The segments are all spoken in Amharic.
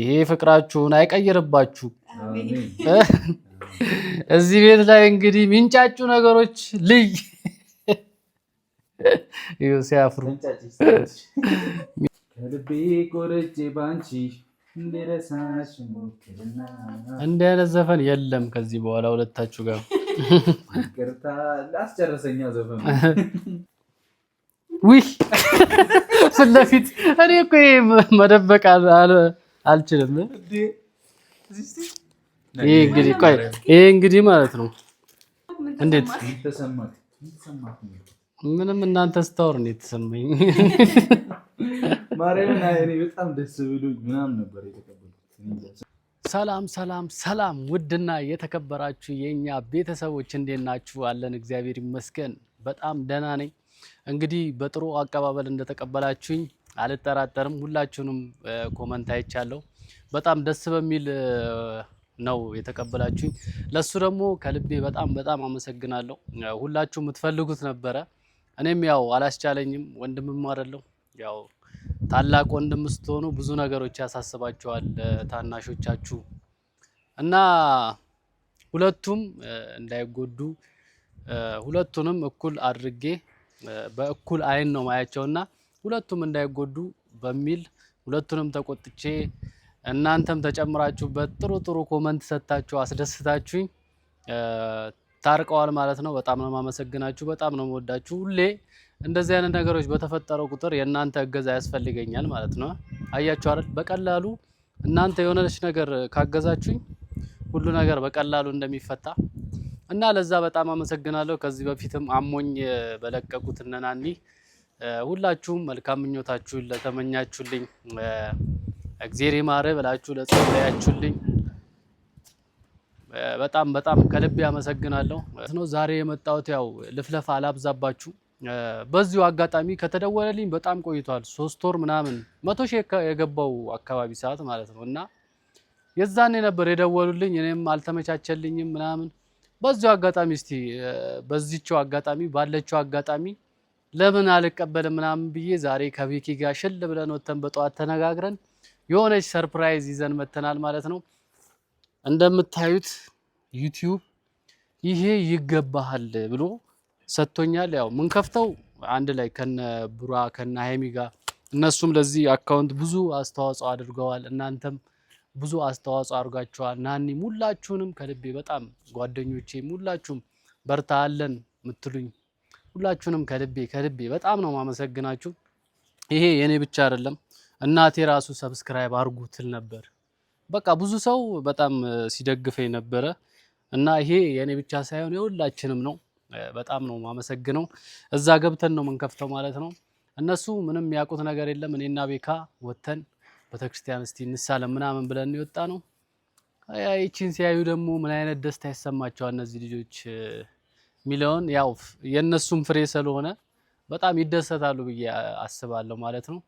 ይሄ ፍቅራችሁን አይቀይርባችሁ። እዚህ ቤት ላይ እንግዲህ ሚንጫጩ ነገሮች ልይ ሲያፍሩ እንዲህ አይነት ዘፈን የለም ከዚህ በኋላ ሁለታችሁ ጋር አስጨረሰኛ ዘፈን ዊ ፊት ለፊት እኔ እኮ መደበቅ አለ አልችልም። ይሄ እንግዲህ ቆይ ይሄ እንግዲህ ማለት ነው። እንዴት ምንም እናንተ ስታወር ነው የተሰማኝ። ሰላም ሰላም ሰላም! ውድና የተከበራችሁ የእኛ ቤተሰቦች እንዴት ናችሁ? አለን እግዚአብሔር ይመስገን፣ በጣም ደህና ነኝ። እንግዲህ በጥሩ አቀባበል እንደተቀበላችሁኝ አልጠራጠርም። ሁላችሁንም ኮመንት አይቻለሁ። በጣም ደስ በሚል ነው የተቀበላችሁኝ። ለሱ ደግሞ ከልቤ በጣም በጣም አመሰግናለሁ። ሁላችሁ የምትፈልጉት ነበረ። እኔም ያው አላስቻለኝም። ወንድምም አይደለሁ ያው ታላቅ ወንድም ስትሆኑ ብዙ ነገሮች ያሳስባቸዋል ታናሾቻችሁ እና ሁለቱም እንዳይጎዱ ሁለቱንም እኩል አድርጌ በእኩል አይን ነው ማያቸውና ሁለቱም እንዳይጎዱ በሚል ሁለቱንም ተቆጥቼ እናንተም ተጨምራችሁበት ጥሩ ጥሩ ኮመንት ሰጥታችሁ አስደስታችሁኝ ታርቀዋል ማለት ነው። በጣም ነው ማመሰግናችሁ፣ በጣም ነው መወዳችሁ። ሁሌ እንደዚህ አይነት ነገሮች በተፈጠረው ቁጥር የእናንተ እገዛ ያስፈልገኛል ማለት ነው። አያችሁ አይደል? በቀላሉ እናንተ የሆነች ነገር ካገዛችሁኝ ሁሉ ነገር በቀላሉ እንደሚፈታ እና ለዛ በጣም አመሰግናለሁ። ከዚህ በፊትም አሞኝ በለቀቁት እነ ሁላችሁም መልካም ምኞታችሁን ለተመኛችሁልኝ እግዜር ይማረ ብላችሁ ለጸለያችሁልኝ በጣም በጣም ከልብ ያመሰግናለሁ ነው። ዛሬ የመጣሁት ያው ልፍለፋ አላብዛባችሁ። በዚሁ አጋጣሚ ከተደወለልኝ በጣም ቆይቷል። ሶስት ወር ምናምን መቶ ሺህ የገባው አካባቢ ሰዓት ማለት ነው እና የዛኔ ነበር የደወሉልኝ። እኔም አልተመቻቸልኝም ምናምን። በዚሁ አጋጣሚ እስቲ በዚችው አጋጣሚ ባለችው አጋጣሚ ለምን አልቀበልም ምናምን ብዬ ዛሬ ከቪኪ ጋር ሽል ብለን ወተን በጠዋት ተነጋግረን የሆነች ሰርፕራይዝ ይዘን መተናል ማለት ነው። እንደምታዩት ዩቲዩብ ይሄ ይገባሃል ብሎ ሰጥቶኛል። ያው ምን ከፍተው አንድ ላይ ከነ ቡራ ከነ ሀይሚ ጋር እነሱም ለዚህ አካውንት ብዙ አስተዋጽኦ አድርገዋል። እናንተም ብዙ አስተዋጽኦ አድርጋችኋል። ናኒ ሙላችሁንም ከልቤ በጣም ጓደኞቼ፣ ሙላችሁም በርታ አለን ምትሉኝ ሁላችሁንም ከልቤ ከልቤ በጣም ነው ማመሰግናችሁ። ይሄ የኔ ብቻ አይደለም፣ እናቴ ራሱ ሰብስክራይብ አርጉትል ትል ነበር። በቃ ብዙ ሰው በጣም ሲደግፈኝ ነበረ እና ይሄ የኔ ብቻ ሳይሆን የሁላችንም ነው። በጣም ነው ማመሰግነው። እዛ ገብተን ነው የምንከፍተው ማለት ነው። እነሱ ምንም ያውቁት ነገር የለም። እኔና ቤካ ወተን ቤተክርስቲያን እስቲ እንሳለን ምናምን ብለን የወጣ ነው። ይቺን ሲያዩ ደግሞ ምን አይነት ደስታ ይሰማቸዋል እነዚህ ልጆች። የሚለውን ያው የእነሱም ፍሬ ስለሆነ በጣም ይደሰታሉ ብዬ አስባለሁ ማለት ነው።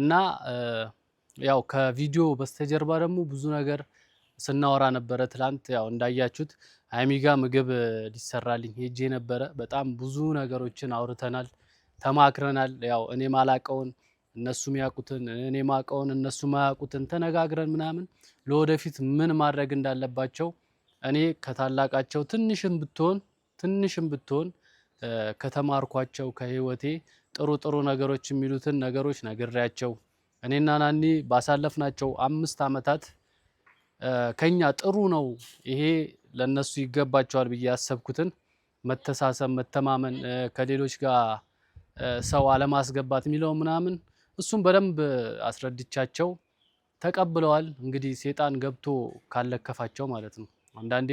እና ያው ከቪዲዮ በስተጀርባ ደግሞ ብዙ ነገር ስናወራ ነበረ። ትላንት ያው እንዳያችሁት አሚጋ ምግብ ሊሰራልኝ ሄጄ ነበረ። በጣም ብዙ ነገሮችን አውርተናል፣ ተማክረናል። ያው እኔ ማላቀውን እነሱ ያውቁትን፣ እኔ ማቀውን እነሱ ማያውቁትን ተነጋግረን ምናምን ለወደፊት ምን ማድረግ እንዳለባቸው እኔ ከታላቃቸው ትንሽም ብትሆን ትንሽም ብትሆን ከተማርኳቸው ከህይወቴ ጥሩ ጥሩ ነገሮች የሚሉትን ነገሮች ነግሬያቸው እኔና ናኒ ባሳለፍናቸው አምስት ዓመታት ከኛ ጥሩ ነው ይሄ ለነሱ ይገባቸዋል ብዬ ያሰብኩትን መተሳሰብ፣ መተማመን፣ ከሌሎች ጋር ሰው አለማስገባት የሚለው ምናምን እሱም በደንብ አስረድቻቸው ተቀብለዋል። እንግዲህ ሴጣን ገብቶ ካለከፋቸው ማለት ነው አንዳንዴ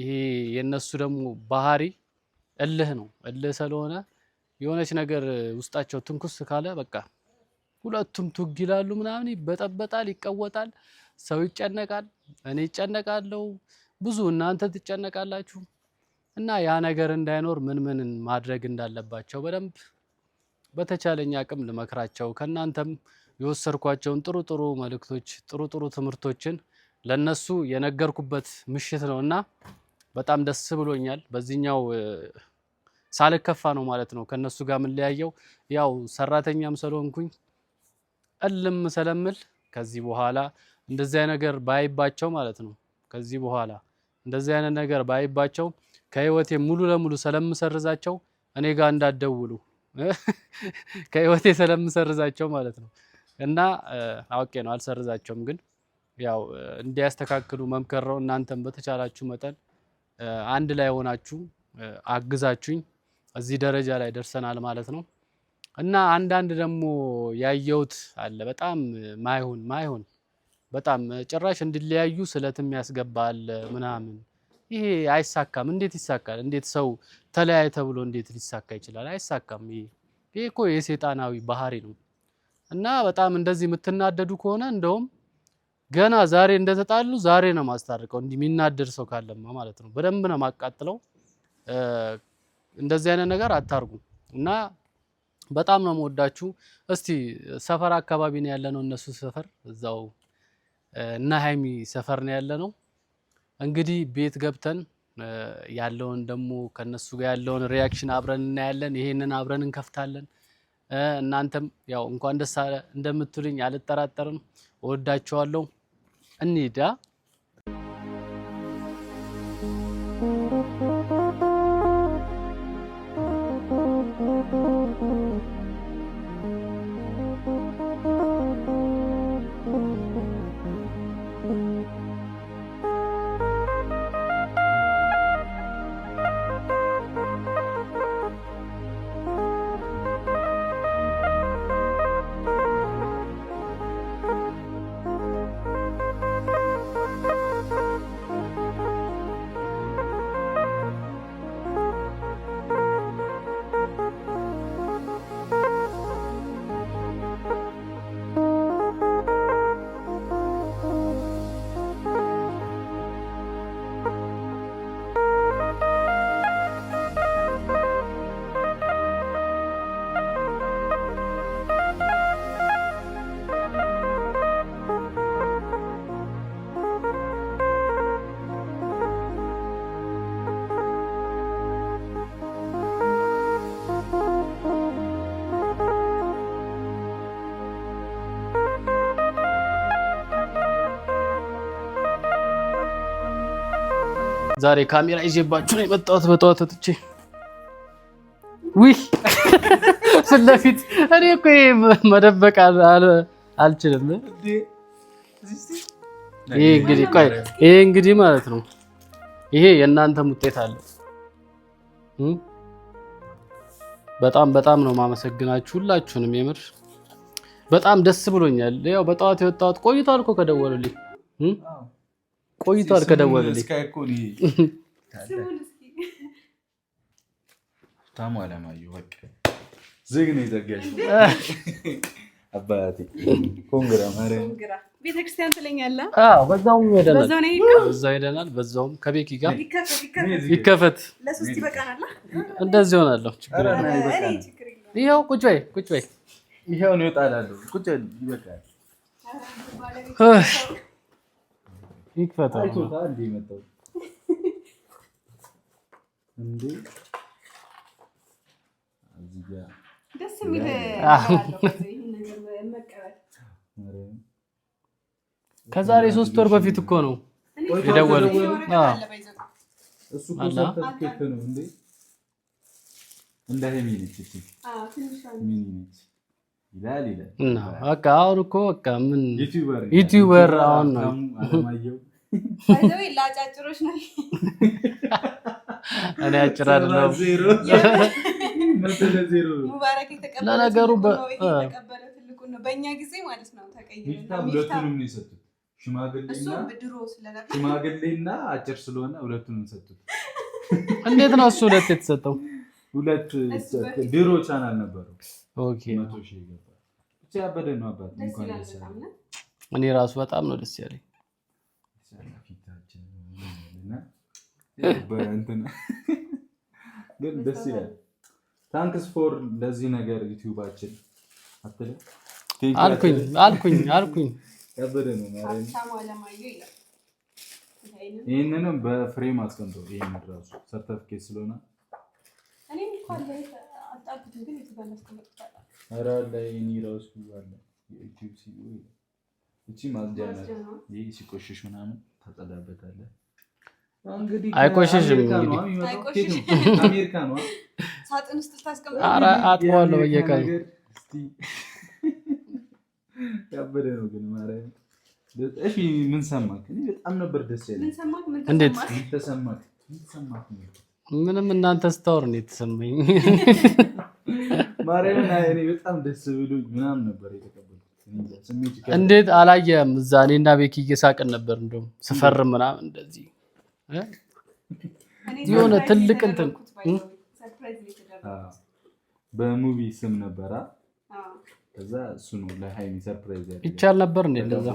ይሄ የነሱ ደግሞ ባህሪ እልህ ነው። እልህ ስለሆነ የሆነች ነገር ውስጣቸው ትንኩስ ካለ በቃ ሁለቱም ቱግ ይላሉ፣ ምናምን ይበጠበጣል፣ ይቀወጣል፣ ሰው ይጨነቃል፣ እኔ ይጨነቃለሁ፣ ብዙ እናንተ ትጨነቃላችሁ። እና ያ ነገር እንዳይኖር ምን ምን ማድረግ እንዳለባቸው በደንብ በተቻለኝ አቅም ልመክራቸው ከእናንተም የወሰድኳቸውን ጥሩ ጥሩ መልእክቶች ጥሩ ጥሩ ትምህርቶችን ለነሱ የነገርኩበት ምሽት ነው እና በጣም ደስ ብሎኛል። በዚህኛው ሳልከፋ ነው ማለት ነው ከነሱ ጋር የምንለያየው። ያው ሰራተኛም ስለሆንኩኝ እልም ስለምል ከዚህ በኋላ እንደዚህ አይነት ነገር ባይባቸው ማለት ነው ከዚህ በኋላ እንደዚህ አይነት ነገር ባይባቸው ከህይወቴ ሙሉ ለሙሉ ስለምሰርዛቸው እኔ ጋር እንዳደውሉ ከህይወቴ ስለምሰርዛቸው ማለት ነው እና አውቄ ነው አልሰርዛቸውም ግን ያው እንዲያስተካክሉ መምከረው እናንተም በተቻላችሁ መጠን አንድ ላይ ሆናችሁ አግዛችሁኝ እዚህ ደረጃ ላይ ደርሰናል ማለት ነው። እና አንዳንድ ደግሞ ያየሁት አለ በጣም ማይሆን ማይሆን በጣም ጭራሽ እንዲለያዩ ስለትም ያስገባል ምናምን። ይሄ አይሳካም። እንዴት ይሳካል? እንዴት ሰው ተለያየ ተብሎ እንዴት ሊሳካ ይችላል? አይሳካም። ይሄ ይሄ እኮ የሴጣናዊ ባህሪ ነው። እና በጣም እንደዚህ የምትናደዱ ከሆነ እንደውም ገና ዛሬ እንደተጣሉ ዛሬ ነው ማስታርቀው። እንዲህ የሚናደድ ሰው ካለማ ማለት ነው በደንብ ነው ማቃጥለው። እንደዚህ አይነት ነገር አታርጉ እና በጣም ነው መወዳችሁ። እስቲ ሰፈር አካባቢ ነው ያለ ነው እነሱ ሰፈር እዛው እና ሀይሚ ሰፈር ነው ያለ ነው። እንግዲህ ቤት ገብተን ያለውን ደግሞ ከነሱ ጋር ያለውን ሪያክሽን አብረን እናያለን። ይሄንን አብረን እንከፍታለን። እናንተም ያው እንኳን ደስ እንደምትሉኝ አልጠራጠርም። እወዳችኋለሁ። Anita äh, ዛሬ ካሜራ ይዤባችሁ ነው የመጣሁት። በጠዋት ትቼ ውይ ፊት ለፊት እኔ እኮ መደበቅ አልችልም። ይሄ እንግዲህ ቆይ ይሄ እንግዲህ ማለት ነው ይሄ የእናንተም ውጤት አለ። በጣም በጣም ነው ማመሰግናችሁ ሁላችሁንም፣ የምር በጣም ደስ ብሎኛል። ያው በጠዋት የወጣሁት ቆይቷል እኮ ከደወሉልኝ ቆይቷል ከደወለልኝ። ዝግ ነው የዘጋሽው። አባቴ ኮንግራ ማርያም ቤተክርስቲያን ትለኛለህ። በዛውም ሄደናል። በዛውም ከቤኪ ጋር ይከፈት እንደዚህ ሆናለሁ። ይኸው ቁጭ በይ ቁጭ በይ ይኸው ነው ይወጣላለሁ። ቁጭ ይበቃል። ከዛሬ ሶስት ወር በፊት እኮ ነው የደወሉት። አሁን እኮ በቃ ምን ዩቲዩበር አሁን ነው ላጫጭሮች ነው። እኔ አጭር አይደለሁም። ለነገሩ በእኛ ጊዜ ማለት ነው ሽማግሌና አጭር ስለሆነ ሁለቱንም ሰጡት። እንዴት ነው እሱ ሁለት የተሰጠው? ሁለት ድሮ ቻናል ነበረው። እኔ ራሱ በጣም ነው ደስ ያለኝ። ግን ደስ ይላል። ታንክስ ፎር ለዚህ ነገር ዩቲዩባችን አልኩኝ አልኩኝ አልኩኝ። ከበደ ነው ይህንንም በፍሬም አስቀምጦ ይህን ራሱ ሰርተፍኬት ስለሆነ ራሱ እቺ ማጽጃ ናት። ይሄ ሲቆሽሽ ምናምን ታጸዳበታለህ። እንግዲህ አይቆሽሽም። አሜሪካ ነው ሳጥን ውስጥ ታስቀምጣለህ። አጥቧለሁ በየቀኑ ያበደ ነው ግን ማርያም እሺ፣ ምን ሰማክ? እኔ በጣም ነበር ደስ ያለኝ። እንዴት ተሰማክ? ምንም እናንተ ስታወር ነው የተሰማኝ። ማርያምን እኔ በጣም ደስ ብሎኝ ምናምን ነበር የተቀበለው እንዴት አላየም? እዛ እኔና ቤኪ እየሳቅን ነበር። እንደውም ስፈር ምናምን እንደዚህ የሆነ ትልቅ እንትን በሙቪ ስም ነበራ። ከዛ እሱ ነው ለሀይሚ ሰርፕራይዝ ይቻል ነበር። እንዴ? እንደዛ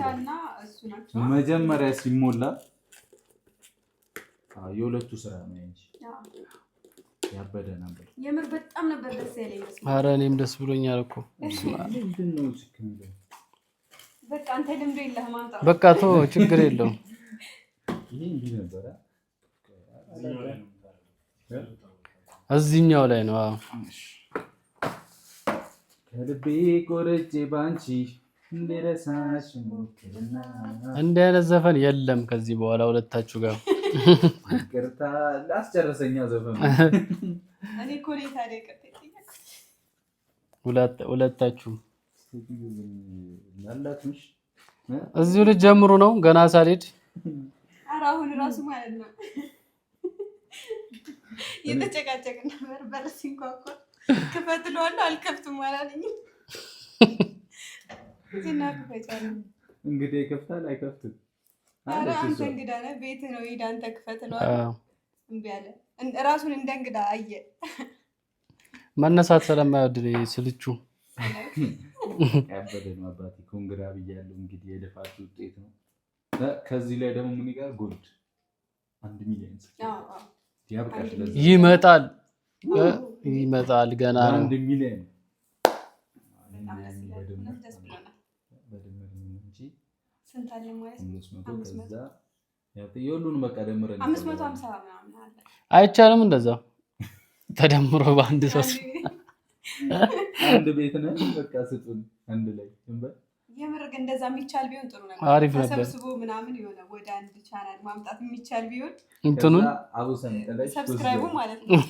መጀመሪያ ሲሞላ የሁለቱ ስራ ነው እንጂ ያበደ ነበር። የምር በጣም ነበር ደስ ያለኝ። ኧረ እኔም ደስ ብሎኛል እኮ ነው በቃ ቶ ችግር የለውም። እዚህኛው ላይ ነው። ከልቤ ቆርጬ ባንቺ እንደረሳሽ እንዲህ አይነት ዘፈን የለም ከዚህ በኋላ ሁለታችሁ ጋር ቅርታ ላስጨረሰኛ ዘፈን ሁለታችሁም እዚሁ ልጅ ጀምሩ ነው ገና ሳልሄድ አሁን ራሱ ማለት ነው የተጨቃጨቅ ነበር። በር ሲንኳኳ ክፈት እለዋለሁ አልከፍትም አላለኝም። እንግዲህ ይከፍታል አይከፍትም። ኧረ አንተ እንግዳ ነህ፣ ቤት ነው፣ ሂድ አንተ ክፈት እለዋለሁ። እምቢ አለ። ራሱን እንደ እንግዳ አየ። መነሳት ስለማይወድ ስልቹ ያበደ ነው አባቴ። ኮንግራ ብያለሁ። እንግዲህ የልፋት ውጤት ነው። ከዚህ ላይ ደግሞ ምን ይጋር ጎልድ አንድ ሚሊዮን ይመጣል ይመጣል፣ ገና ነው። አንድ ሚሊዮን አይቻልም። እንደዛ ተደምሮ በአንድ ሰው አንድ ቤት ነን። በቃ ስጡን አንድ ላይ እንበል። የምር እንደዛ የሚቻል ቢሆን ጥሩ ነበር፣ አሪፍ ነበር። ሰብስቦ ምናምን የሆነ ወደ አንድ ቻናል ማምጣት የሚቻል ቢሆን እንትኑን አቡሰን ሰብስክራይቡ ማለት ነው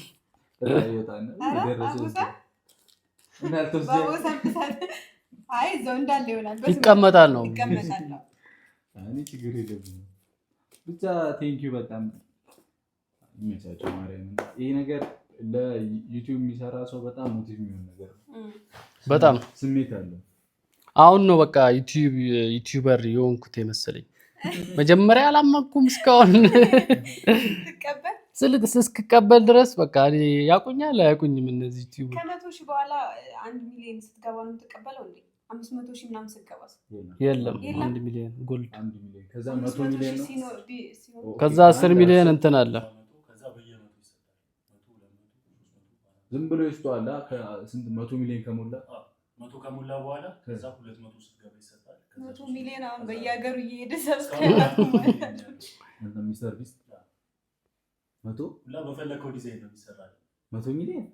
ይቀመጣል ነው ችግር የለም። ብቻ ቴንኪዩ በጣም ይመቻቸው። ማርያምን ይሄ ነገር ለዩቲዩብ የሚሰራ ሰው በጣም ሞቲቭ የሚሆን ነገር በጣም ስሜት አለው። አሁን ነው በቃ ዩቲዩበር የሆንኩት የመሰለኝ። መጀመሪያ አላመንኩም። እስካሁን ስልክ እስክቀበል ድረስ በቃ ያቁኛል አያቁኝም። እነዚህ ዩቲዩብ ከመቶ ሺህ በኋላ አንድ ሚሊዮን ስትገባ ነው የምትቀበለው እንዴ? አምስት መቶ ሺህ ምናምን ስትገባ የለም፣ አንድ ሚሊዮን ጎልድ፣ ከዛ አስር ሚሊዮን እንትን አለ ዝም ብሎ ይስጠዋል። ስንት መቶ ሚሊዮን ከሞላ መቶ ከሞላ በኋላ ከዛ ሁለት መቶ ስትገባ ይሰጣል። መቶ ሚሊዮን አሁን በየሀገሩ እየሄደ ነው ሰርቪስ መቶ በፈለከው ዲዛይን ነው የሚሰራል። መቶ ሚሊዮን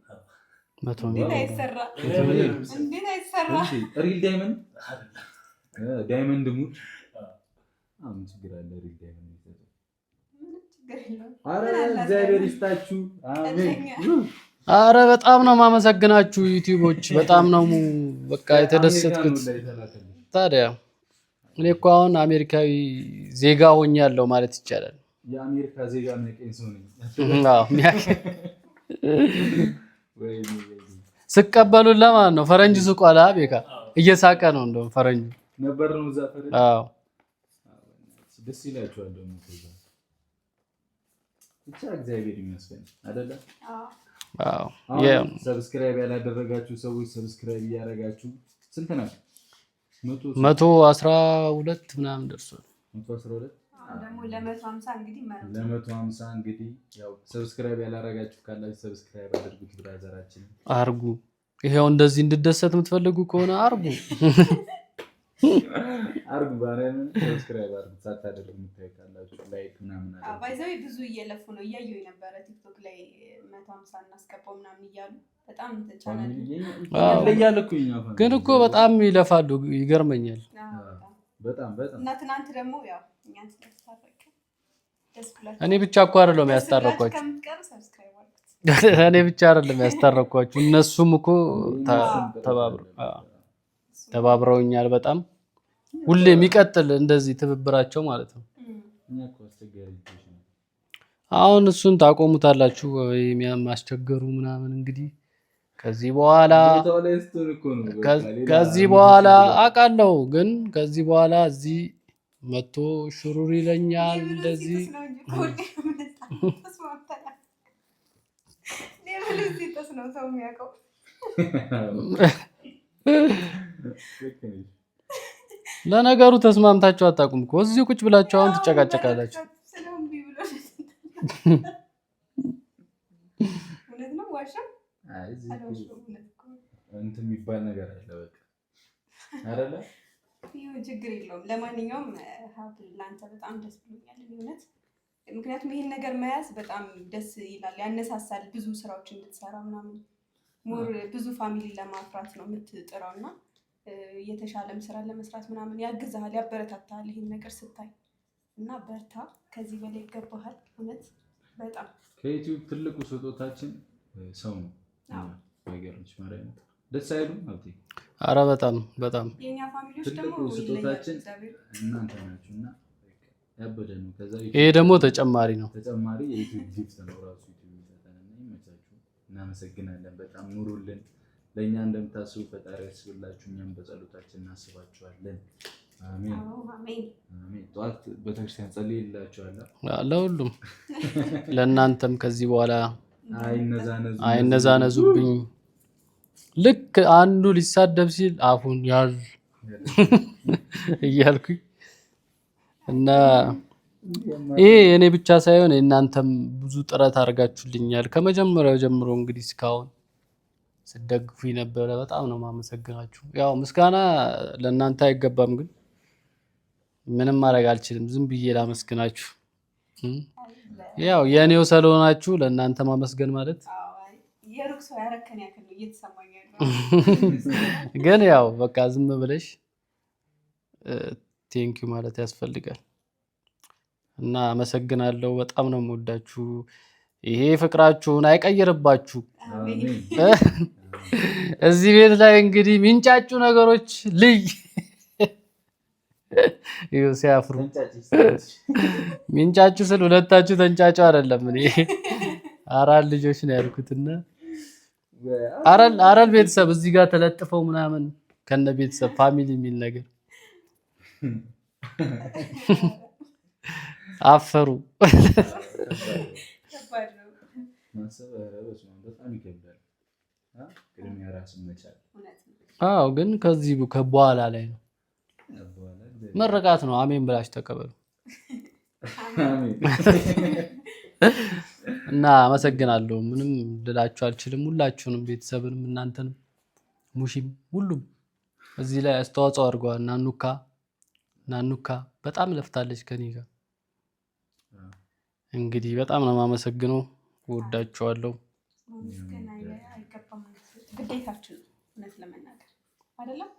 ሪል ዳይመንድ ዳይመንድ ሙድ ምን ችግር አለ? ሪል ዳይመንድ ይሰጣል። ኧረ እግዚአብሔር ይስጣችሁ። አሜን አረ በጣም ነው ማመሰግናችሁ ዩቲዩቦች፣ በጣም ነው በቃ የተደሰትኩት። ታዲያ እኔ እኮ አሁን አሜሪካዊ ዜጋ ሆኛለሁ ማለት ይቻላል። ስቀበሉን ለማለት ነው። ፈረንጅ ስቋላ ቤካ እየሳቀ ነው። እንደውም ፈረንጁ ነበር ነው እዛ ፈረንጅ። አዎ ደስ ይላችኋል ደግሞ ብቻ እግዚአብሔር ይመስገን አደለ ሰብስክራይብ ያላደረጋችሁ ሰዎች ሰብስክራይብ እያደረጋችሁ ስንት ናቸው? መቶ አስራ ሁለት ምናምን ደርሷል። ለመቶ ሀምሳ እንግዲህ ሰብስክራይብ ያላረጋችሁ ካላችሁ ሰብስክራይብ አድርጉት። ብራዘራችን አርጉ። ይኸው እንደዚህ እንድደሰት የምትፈልጉ ከሆነ አርጉ። አርግ ባረን ሰብስክራይብ አርግ ሳታደርግ የምታይቃላችሁ ላይክ ምናምን አባይዛዊ ብዙ እየለፉ ነው። እያየሁ የነበረ ቲክቶክ ላይ መቶ ሀምሳ እናስገባው ምናምን እያሉ በጣም ተቻለ። ግን እኮ በጣም ይለፋሉ፣ ይገርመኛል። እና ትናንት ደግሞ ያው እኔ ብቻ እኮ አይደለም ያስታረኳቸው እኔ ብቻ አይደለም ያስታረኳችሁ እነሱም እኮ ተባብሩ ተባብረውኛል በጣም ሁሌ የሚቀጥል እንደዚህ ትብብራቸው ማለት ነው። አሁን እሱን ታቆሙታላችሁ የሚያስቸገሩ ምናምን እንግዲህ ከዚህ በኋላ ከዚህ በኋላ አውቃለሁ ግን ከዚህ በኋላ እዚህ መቶ ሽሩር ይለኛል እንደዚህ ነው ሰው የሚያውቀው ለነገሩ ተስማምታችሁ አታውቁም እኮ እዚህ ቁጭ ብላችሁ አሁን ትጨቃጨቃላችሁ። እንትን የሚባል ነገር አለ። አይደለ? ችግር የለውም። ለማንኛውም ሀብል ለአንተ በጣም ደስ ብሎኛል እውነት። ምክንያቱም ይህን ነገር መያዝ በጣም ደስ ይላል፣ ያነሳሳል፣ ብዙ ስራዎች እንድትሰራ ምናምን ሞር ብዙ ፋሚሊ ለማፍራት ነው የምትጥረው እና የተሻለም ስራ ለመስራት ምናምን ያግዝሃል፣ ያበረታታል ይሄን ነገር ስታይ እና በርታ፣ ከዚህ በላይ ይገባሃል። እውነት በጣም ከዩቲዩብ ትልቁ ስጦታችን ሰው ነው። ደስ አይሉም? ሀብቴ አረ በጣም በጣም ትልቁ ስጦታችን እናንተ ናችሁ እና ያበደ ነው። ይሄ ደግሞ ተጨማሪ ነው፣ ተጨማሪ የዩቲዩብ ጊፍት ነው ራሱ። እናመሰግናለን። በጣም ኑሩልን። ለእኛ እንደምታስቡ ፈጣሪ ያስብላችሁ። እኛም በጸሎታችን እናስባችኋለን። ጠዋት ቤተክርስቲያን ጸልይ ለሁሉም ለእናንተም ከዚህ በኋላ አይነዛነዙብኝ። ልክ አንዱ ሊሳደብ ሲል አፉን ያዝ እያልኩኝ እና ይሄ እኔ ብቻ ሳይሆን እናንተም ብዙ ጥረት አድርጋችሁልኛል ከመጀመሪያው ጀምሮ እንግዲህ እስካሁን ስደግፉ ነበረ። በጣም ነው ማመሰግናችሁ። ያው ምስጋና ለእናንተ አይገባም፣ ግን ምንም ማድረግ አልችልም። ዝም ብዬ ላመስግናችሁ። ያው የእኔው ስለሆናችሁ ለእናንተ ማመስገን ማለት ግን ያው በቃ ዝም ብለሽ ቴንኪ ማለት ያስፈልጋል። እና አመሰግናለሁ። በጣም ነው የምወዳችሁ። ይሄ ፍቅራችሁን አይቀይርባችሁ። እዚህ ቤት ላይ እንግዲህ ሚንጫጩ ነገሮች ልይ ሲያፍሩ ሚንጫጩ ስል ሁለታችሁ ተንጫጩ አይደለም። እኔ አራል ልጆች ነው ያልኩትና አራት ቤተሰብ እዚህ ጋር ተለጥፈው ምናምን ከነ ቤተሰብ ፋሚሊ የሚል ነገር አፈሩ። ከባድ ነው። አዎ ግን ከዚህ ከበኋላ ላይ ነው መረቃት ነው። አሜን ብላችሁ ተቀበሉ እና አመሰግናለሁ። ምንም ልላችሁ አልችልም። ሁላችሁንም ቤተሰብንም፣ እናንተንም፣ ሙሺም ሁሉም እዚህ ላይ አስተዋጽኦ አድርገዋል። ናኑካ ናኑካ በጣም ለፍታለች ከኔ ጋር እንግዲህ በጣም ነው የማመሰግነው። ወዳችኋለሁ። ግዴታችን ነው። እውነት ለመናገር አይደለም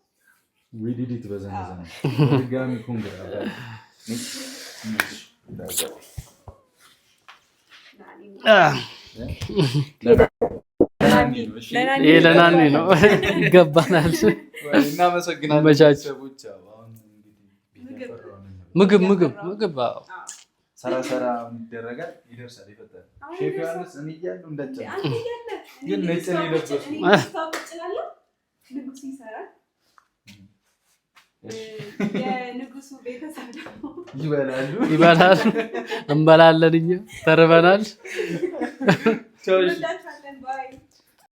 ዊዲዲት በዛ ድጋሚ ይሄ ለናኒ ነው ይገባናል። እናመሰግናለን። ምግብ ምግብ ምግብ ሰራ ሰራ ይደረጋል፣ ይደርሳል፣ ይፈታል። ሼፍ ዮሐንስ እኔ እያለሁ ግን ነጭ ነው የለበሱ ንጉሱ ይበላሉ፣ እንበላለን፣ እኛ ተርበናል።